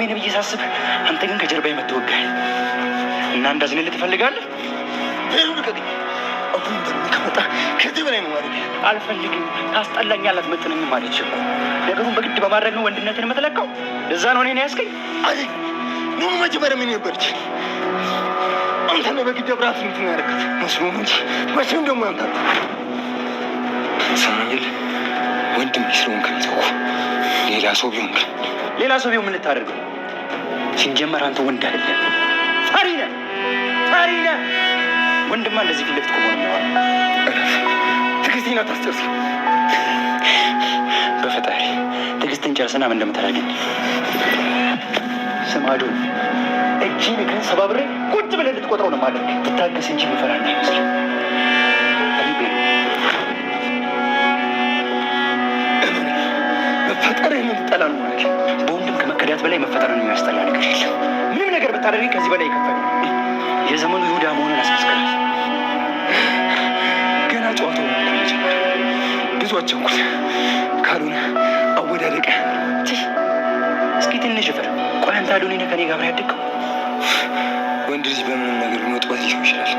ወንድሜ ነው ብዬ ሳስብ፣ አንተ ግን ከጀርባ የመተወጋል እና እንዳዝንልህ ትፈልጋለህ። ከዚህ በላይ ነው ማለት አልፈልግም። ታስጠላኛላት መጥነኝ ማለት ችል ነገሩን በግድ በማድረግ ነው ወንድነትን የምትለቀው። እዛ ነው እኔ ነው አይ ኑ መጀመሪያ ምን ነበርች አንተ ነው በግድ ብራት የምትናረከት መስሎ እንጂ መቼም ደግሞ ያምታት ሳሙኤል ወንድም ስለሆንክ ሌላ ሰው ቢሆን ሌላ ሰው ቢሆን ምን ልታደርገው ሲንጀመር አንተ ወንድ አይደለም፣ ፈሪ ነህ፣ ፈሪ ነህ። ወንድማ እንደዚህ ፊት ለፊት ቆሞ ነው። ትዕግስቴን በፈጣሪ ትግስትን ጨርስና ምን እንደምታደርገኝ ስም አዶ እጅ ልክን ሰባብሬ ቁጭ ብለን ልትቆጥረው ነው ማድረግ ትታገስ እንጂ የሚፈራ ይመስል መፈጠርህን ልጠላ ነው ማለት በወንድም ከመከዳት በላይ መፈጠርን የሚያስጠላ ነገር የለም። ምንም ነገር ብታደርግ ከዚህ በላይ ይከፈል። የዘመኑ ይሁዳ መሆኑን አስመስከል። ገና ጨዋታው ጀመር። ብዙ አቸንኩት ካልሆነ አወዳደቀ። እስኪ ትንሽ ፍር። ቆያንታ አንተ ከኔ ጋር ያደግከው ወንድ ልጅ በምንም ነገር መጥባት ሊሆን ይችላል።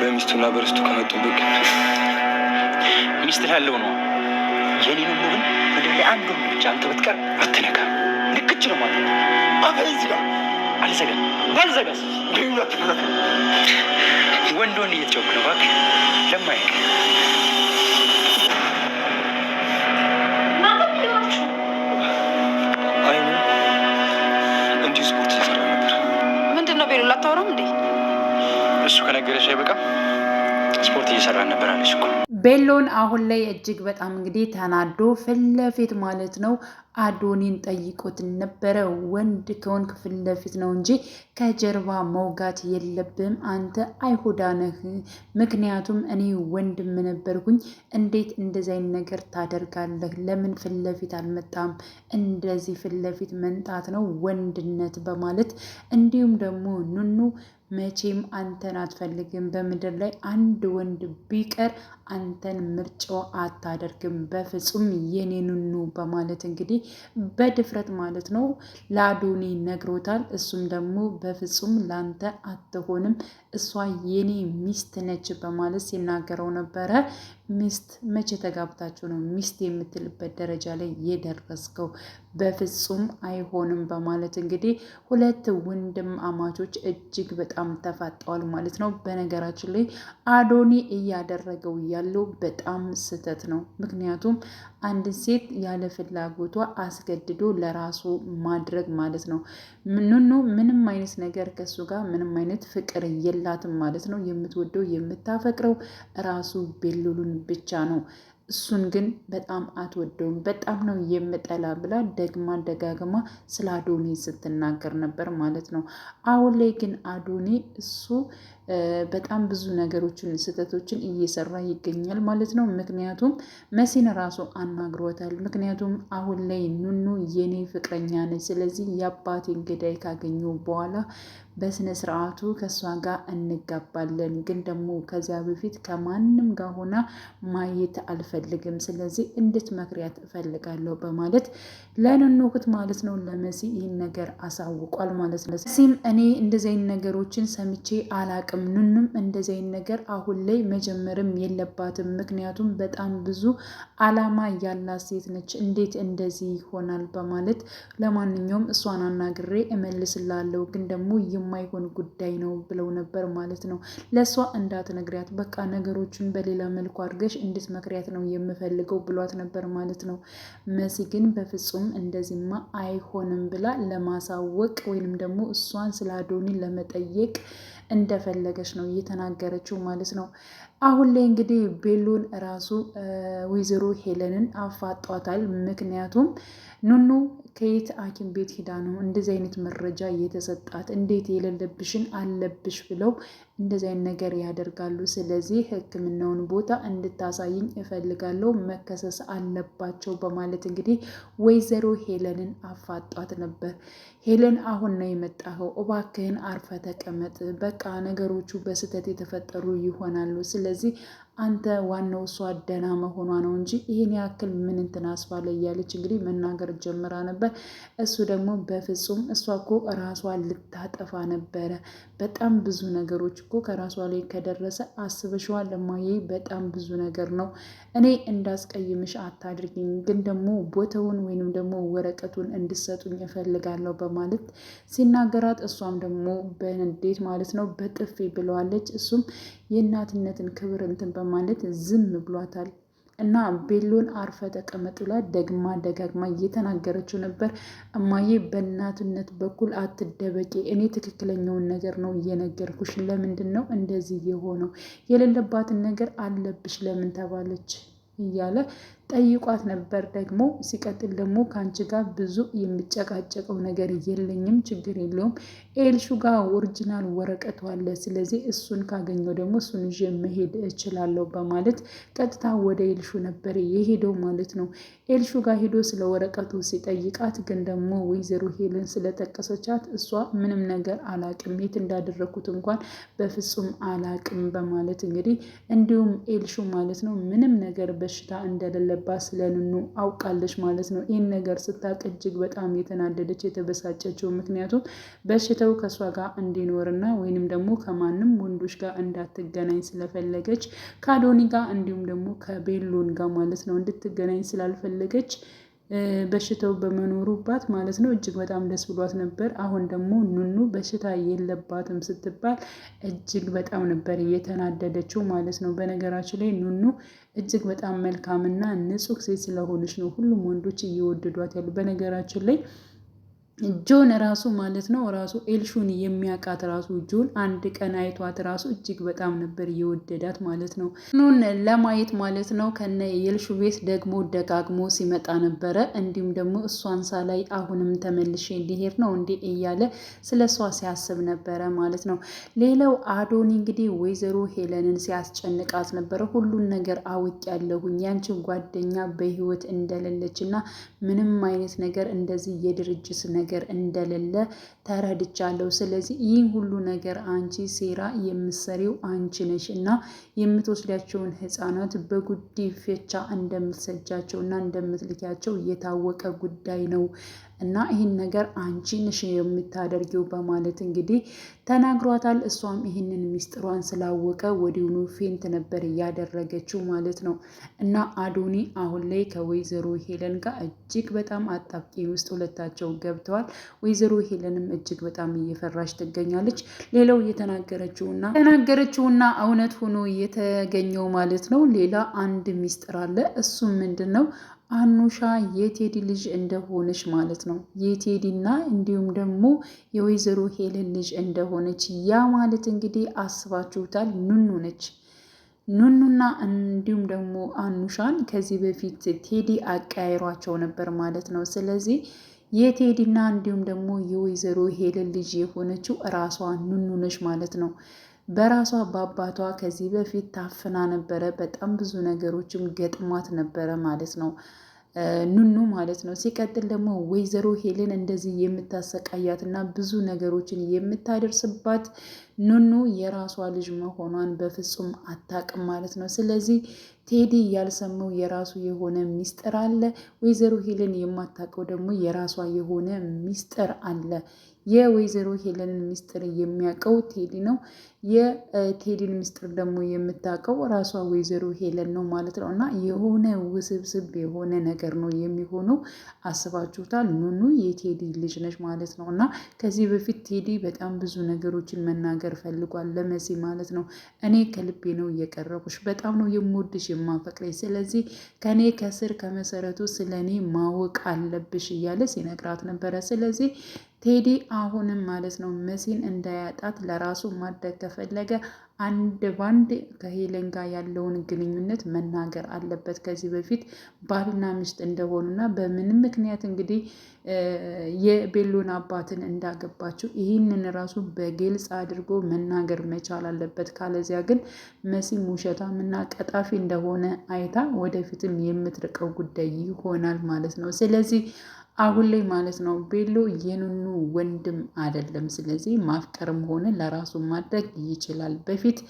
በሚስቱና በርስቱ ከመጡበት ሚስት ላለው ነው የኔን ምን ምድር ላይ አንዱ ብቻ አንተ ብትቀር አትነካ። ልክች ነው ማለት ነው። አፈዚ ጋር አልዘጋ ባልዘጋስ በሁለት ወንድ ወንድ እየተጫወክ ነው እባክህ ለማይ እንዲህ ስፖርት እየሰራ ነበር። ምንድን ነው እንዴ? እሱ አይበቃም። ስፖርት እየሰራን ነበር አለች እኮ ቤሎን አሁን ላይ እጅግ በጣም እንግዲህ ተናዶ ፊት ለፊት ማለት ነው አዶኒን ጠይቆት ነበረ። ወንድ ከሆንክ ፊት ለፊት ነው እንጂ ከጀርባ መውጋት የለብም አንተ አይሁዳ ነህ። ምክንያቱም እኔ ወንድም ነበርኩኝ። እንዴት እንደዚይን ነገር ታደርጋለህ? ለምን ፊት ለፊት አልመጣም? እንደዚህ ፊት ለፊት መንጣት ነው ወንድነት በማለት እንዲሁም ደግሞ ኑኑ መቼም አንተን አትፈልግም። በምድር ላይ አንድ ወንድ ቢቀር አንተን ምርጫው አታደርግም በፍጹም የኔኑኑ በማለት እንግዲህ በድፍረት ማለት ነው ለአዶኒ ነግሮታል። እሱም ደግሞ በፍጹም ላንተ አትሆንም፣ እሷ የኔ ሚስት ነች በማለት ሲናገረው ነበረ። ሚስት መቼ ተጋብታችሁ ነው ሚስት የምትልበት ደረጃ ላይ የደረስከው? በፍጹም አይሆንም በማለት እንግዲህ ሁለት ወንድም አማቾች እጅግ በጣም ተፋጠዋል ማለት ነው። በነገራችን ላይ አዶኒ እያደረገው ያለው በጣም ስህተት ነው። ምክንያቱም አንድ ሴት ያለ ፍላጎቷ አስገድዶ ለራሱ ማድረግ ማለት ነው። ኑኑ ምንም አይነት ነገር ከሱ ጋር ምንም አይነት ፍቅር የላትም ማለት ነው። የምትወደው የምታፈቅረው ራሱ ቤሉሉን ብቻ ነው። እሱን ግን በጣም አትወደውም፣ በጣም ነው የምጠላ ብላ ደግማ ደጋግማ ስለ አዶኔ ስትናገር ነበር ማለት ነው። አሁን ላይ ግን አዶኔ እሱ በጣም ብዙ ነገሮችን ስህተቶችን እየሰራ ይገኛል ማለት ነው። ምክንያቱም መሲን ራሱ አናግሯታል። ምክንያቱም አሁን ላይ ኑኑ የኔ ፍቅረኛ ነች፣ ስለዚህ የአባቴን ገዳይ ካገኙ በኋላ በስነ ስርዓቱ ከእሷ ጋር እንጋባለን፣ ግን ደግሞ ከዚያ በፊት ከማንም ጋር ሆና ማየት አልፈልግም፣ ስለዚህ እንድትመክሪያት እፈልጋለሁ በማለት ለንኖክት ማለት ነው ለመሲ ይህን ነገር አሳውቋል ማለት ነው። ሲም እኔ እንደዚህ አይነት ነገሮችን ሰምቼ አላቅም አላውቅም። ኑኑም እንደዚህ አይነት ነገር አሁን ላይ መጀመርም የለባትም። ምክንያቱም በጣም ብዙ አላማ ያላት ሴት ነች። እንዴት እንደዚህ ይሆናል? በማለት ለማንኛውም እሷን አናግሬ እመልስላለሁ፣ ግን ደግሞ የማይሆን ጉዳይ ነው ብለው ነበር ማለት ነው። ለእሷ እንዳትነግሪያት በቃ ነገሮችን በሌላ መልኩ አድርገሽ እንድትመክሪያት ነው የምፈልገው ብሏት ነበር ማለት ነው። መሲ ግን በፍጹም እንደዚህማ አይሆንም ብላ ለማሳወቅ ወይንም ደግሞ እሷን ስለ አዶኒ ለመጠየቅ እንደፈለገች ነው እየተናገረችው ማለት ነው። አሁን ላይ እንግዲህ ቤሉን ራሱ ወይዘሮ ሄለንን አፋጧታል። ምክንያቱም ኑኑ ከየት ሐኪም ቤት ሂዳ ነው እንደዚህ አይነት መረጃ እየተሰጣት? እንዴት የሌለብሽን አለብሽ ብለው እንደዚህ አይነት ነገር ያደርጋሉ። ስለዚህ ሕክምናውን ቦታ እንድታሳይኝ እፈልጋለሁ፣ መከሰስ አለባቸው በማለት እንግዲህ ወይዘሮ ሄለንን አፋጧት ነበር። ሄለን አሁን ነው የመጣኸው፣ እባክህን አርፈ ተቀመጥ፣ በቃ ነገሮቹ በስህተት የተፈጠሩ ይሆናሉ። ስለዚህ አንተ ዋናው እሷ ደህና መሆኗ ነው እንጂ ይህን ያክል ምን እንትን አስባለ እያለች እንግዲህ መናገር ጀምራ ነበር። እሱ ደግሞ በፍጹም እሷ እኮ ራሷ ልታጠፋ ነበረ። በጣም ብዙ ነገሮች እኮ ከራሷ ላይ ከደረሰ አስበሽዋል እማዬ፣ በጣም ብዙ ነገር ነው። እኔ እንዳስቀይምሽ አታድርጊኝ፣ ግን ደግሞ ቦታውን ወይንም ደግሞ ወረቀቱን እንድሰጡኝ እፈልጋለሁ በማለት ሲናገራት፣ እሷም ደግሞ በንዴት ማለት ነው በጥፊ ብለዋለች። እሱም የእናትነትን ክብር እንትን በማ በማለት ዝም ብሏታል። እና ቤሎን አርፈ ተቀመጥ ብላ ደግማ ደጋግማ እየተናገረችው ነበር። እማዬ በእናትነት በኩል አትደበቂ፣ እኔ ትክክለኛውን ነገር ነው እየነገርኩሽ። ለምንድን ነው እንደዚህ የሆነው? የሌለባትን ነገር አለብሽ ለምን ተባለች? እያለ ጠይቋት ነበር። ደግሞ ሲቀጥል ደግሞ ከአንቺ ጋር ብዙ የሚጨቃጨቀው ነገር የለኝም፣ ችግር የለውም። ኤልሹ ጋር ኦሪጂናል ወረቀቱ አለ። ስለዚህ እሱን ካገኘው ደግሞ እሱን ይዤ መሄድ እችላለሁ በማለት ቀጥታ ወደ ኤልሹ ነበር የሄደው ማለት ነው። ኤልሹ ጋር ሄዶ ስለ ወረቀቱ ሲጠይቃት ግን ደግሞ ወይዘሮ ሄልን ስለጠቀሰቻት እሷ ምንም ነገር አላቅም፣ የት እንዳደረግኩት እንኳን በፍጹም አላቅም በማለት እንግዲህ እንዲሁም ኤልሹ ማለት ነው ምንም ነገር በሽታ እንደሌለ እንደገባ ስለንኑ አውቃለች ማለት ነው። ይህን ነገር ስታቅ እጅግ በጣም የተናደደች የተበሳጨችው፣ ምክንያቱም በሽተው ከእሷ ጋር እንዲኖርና ወይንም ደግሞ ከማንም ወንዶች ጋር እንዳትገናኝ ስለፈለገች ከአዶኒ ጋር እንዲሁም ደግሞ ከቤሎን ጋር ማለት ነው እንድትገናኝ ስላልፈለገች በሽታው በመኖሩባት ማለት ነው እጅግ በጣም ደስ ብሏት ነበር። አሁን ደግሞ ኑኑ በሽታ የለባትም ስትባል እጅግ በጣም ነበር እየተናደደችው ማለት ነው። በነገራችን ላይ ኑኑ እጅግ በጣም መልካምና ንጹሕ ሴት ስለሆነች ነው ሁሉም ወንዶች እየወደዷት ያሉ በነገራችን ላይ ጆን ራሱ ማለት ነው ራሱ ኤልሹን የሚያውቃት ራሱ ጆን አንድ ቀን አይቷት ራሱ እጅግ በጣም ነበር የወደዳት ማለት ነው። ኑን ለማየት ማለት ነው ከነ የኤልሹ ቤት ደግሞ ደጋግሞ ሲመጣ ነበረ። እንዲሁም ደግሞ እሷን ሳላይ አሁንም ተመልሼ ሊሄድ ነው እንዴ እያለ ስለ እሷ ሲያስብ ነበረ ማለት ነው። ሌላው አዶኒ እንግዲህ ወይዘሮ ሄለንን ሲያስጨንቃት ነበረ። ሁሉን ነገር ያለሁኝ ያንቺ ጓደኛ በህይወት እንደሌለች እና ምንም አይነት ነገር እንደዚህ የድርጅት ነገር ነገር እንደሌለ ተረድቻለሁ። ስለዚህ ይህን ሁሉ ነገር አንቺ ሴራ የምትሰሪው አንቺ ነሽ እና የምትወስዳቸውን ህፃናት በጉዲፈቻ እንደምትሰጃቸው እና እንደምትልኪያቸው የታወቀ ጉዳይ ነው። እና ይህን ነገር አንቺ ንሽ የምታደርጊው በማለት እንግዲህ ተናግሯታል። እሷም ይህንን ሚስጥሯን ስላወቀ ወዲሁኑ ፌንት ነበር እያደረገችው ማለት ነው። እና አዶኒ አሁን ላይ ከወይዘሮ ሄለን ጋር እጅግ በጣም አጣብቂ ውስጥ ሁለታቸው ገብተዋል። ወይዘሮ ሄለንም እጅግ በጣም እየፈራሽ ትገኛለች። ሌላው እየተናገረችውና ተናገረችውና እውነት ሆኖ የተገኘው ማለት ነው። ሌላ አንድ ሚስጥር አለ። እሱም ምንድን ነው? አኑሻ የቴዲ ልጅ እንደሆነች ማለት ነው። የቴዲና እንዲሁም ደግሞ የወይዘሮ ሄለን ልጅ እንደሆነች ያ ማለት እንግዲህ አስባችሁታል። ኑኑ ነች። ኑኑና እንዲሁም ደግሞ አኑሻን ከዚህ በፊት ቴዲ አቀያይሯቸው ነበር ማለት ነው። ስለዚህ የቴዲና እንዲሁም ደግሞ የወይዘሮ ሄለን ልጅ የሆነችው ራሷ ኑኑነሽ ማለት ነው። በራሷ በአባቷ ከዚህ በፊት ታፍና ነበረ። በጣም ብዙ ነገሮችም ገጥሟት ነበረ ማለት ነው ኑኑ ማለት ነው። ሲቀጥል ደግሞ ወይዘሮ ሄለን እንደዚህ የምታሰቃያት እና ብዙ ነገሮችን የምታደርስባት ኑኑ የራሷ ልጅ መሆኗን በፍጹም አታቅም ማለት ነው። ስለዚህ ቴዲ ያልሰማው የራሱ የሆነ ሚስጥር አለ። ወይዘሮ ሄለን የማታውቀው ደግሞ የራሷ የሆነ ሚስጥር አለ። የወይዘሮ ሄለንን ሚስጥር የሚያውቀው ቴዲ ነው። የቴዲን ሚስጥር ደግሞ የምታውቀው ራሷ ወይዘሮ ሄለን ነው ማለት ነው። እና የሆነ ውስብስብ የሆነ ነገር ነው የሚሆነው። አስባችሁታል? ኑኑ የቴዲ ልጅ ነች ማለት ነው። እና ከዚህ በፊት ቴዲ በጣም ብዙ ነገሮችን መናገር ነገር ፈልጓል ለመሲ ማለት ነው። እኔ ከልቤ ነው እየቀረቡሽ፣ በጣም ነው የምወድሽ የማፈቅረኝ። ስለዚህ ከኔ ከስር ከመሰረቱ ስለኔ ማወቅ አለብሽ እያለ ሲነግራት ነበረ። ስለዚህ ቴዲ አሁንም ማለት ነው መሲን እንዳያጣት ለራሱ ማድረግ ከፈለገ አንድ ባንድ ከሄለን ጋር ያለውን ግንኙነት መናገር አለበት። ከዚህ በፊት ባልና ሚስት ና በምንም ምክንያት እንግዲህ የቤሎን አባትን እንዳገባችው ይህንን ራሱ በግልጽ አድርጎ መናገር መቻል አለበት። ካለዚያ ግን መሲም ውሸታምና ቀጣፊ እንደሆነ አይታ ወደፊትም የምትርቀው ጉዳይ ይሆናል ማለት ነው። ስለዚህ አሁን ላይ ማለት ነው ቤሎ የኑኑ ወንድም አይደለም። ስለዚህ ማፍቀርም ሆነ ለራሱ ማድረግ ይችላል። በፊት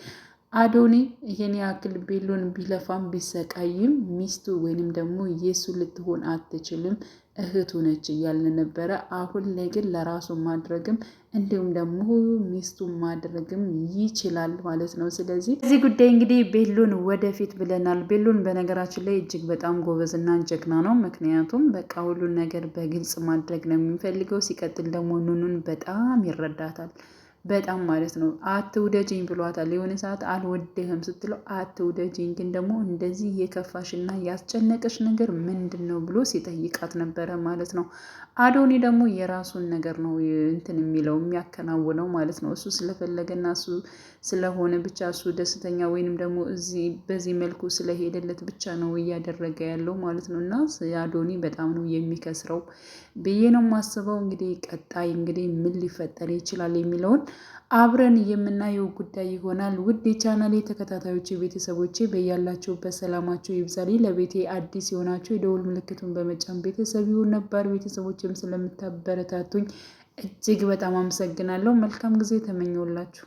አዶኔ ይሄን ያክል ቤሎን ቢለፋም ቢሰቃይም ሚስቱ ወይንም ደግሞ የሱ ልትሆን አትችልም እህቱ ነች እያልን ነበረ። አሁን ላይ ግን ለራሱ ማድረግም እንዲሁም ደግሞ ሚስቱ ማድረግም ይችላል ማለት ነው። ስለዚህ እዚህ ጉዳይ እንግዲህ ቤሎን ወደፊት ብለናል። ቤሎን በነገራችን ላይ እጅግ በጣም ጎበዝና ጀግና ነው። ምክንያቱም በቃ ሁሉን ነገር በግልጽ ማድረግ ነው የሚፈልገው። ሲቀጥል ደግሞ ኑኑን በጣም ይረዳታል። በጣም ማለት ነው። አትውደጅኝ ብሏታል። የሆነ ሰዓት አልወደህም ስትለው አትውደጅኝ፣ ግን ደግሞ እንደዚህ የከፋሽና ያስጨነቀሽ ነገር ምንድን ነው ብሎ ሲጠይቃት ነበረ ማለት ነው። አዶኒ ደግሞ የራሱን ነገር ነው እንትን የሚለው የሚያከናውነው ማለት ነው። እሱ ስለፈለገና እሱ ስለሆነ ብቻ እሱ ደስተኛ ወይንም ደግሞ እዚህ በዚህ መልኩ ስለሄደለት ብቻ ነው እያደረገ ያለው ማለት ነው። እና አዶኒ በጣም ነው የሚከስረው ብዬ ነው የማስበው። እንግዲህ ቀጣይ እንግዲህ ምን ሊፈጠር ይችላል የሚለውን አብረን የምናየው ጉዳይ ይሆናል። ውድ የቻናሌ ተከታታዮች ቤተሰቦቼ በያላችሁበት ሰላማችሁ ይብዛል። ለቤቴ አዲስ የሆናችሁ የደውል ምልክቱን በመጫን ቤተሰብ ይሁን። ነባር ቤተሰቦችም ስለምታበረታቱኝ እጅግ በጣም አመሰግናለሁ። መልካም ጊዜ ተመኘውላችሁ።